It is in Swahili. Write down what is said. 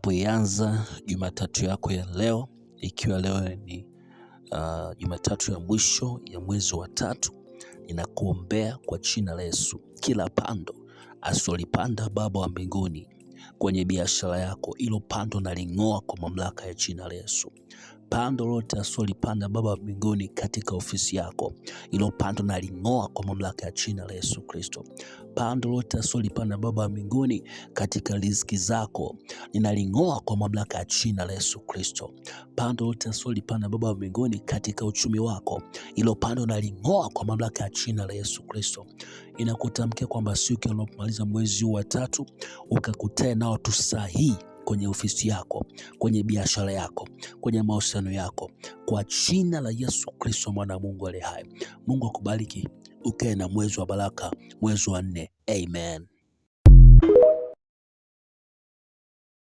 Unapoianza Jumatatu yako ya leo, ikiwa leo ni uh, Jumatatu ya mwisho ya mwezi wa tatu, ninakuombea kwa jina la Yesu, kila pando asiolipanda Baba wa mbinguni kwenye biashara yako, ilo pando naling'oa kwa mamlaka ya jina la Yesu pando lote asilolipanda Baba wa mbinguni katika ofisi yako, ilo pando naling'oa kwa mamlaka ya china la Yesu Kristo. Pando lote asilolipanda Baba wa mbinguni katika riziki zako, ninaling'oa kwa mamlaka ya china la Yesu Kristo. Pando lote asilolipanda Baba wa mbinguni katika uchumi wako, ilo pando naling'oa kwa mamlaka ya china la Yesu Kristo. Inakutamkia kwamba siku unapomaliza mwezi huu watatu tatu ukakutane nao tusahii kwenye ofisi yako, kwenye biashara yako, kwenye mahusiano yako, kwa jina la Yesu Kristo mwana wa Mungu aliye hai. Mungu akubariki, ukae na mwezi wa baraka, mwezi wa nne. Amen.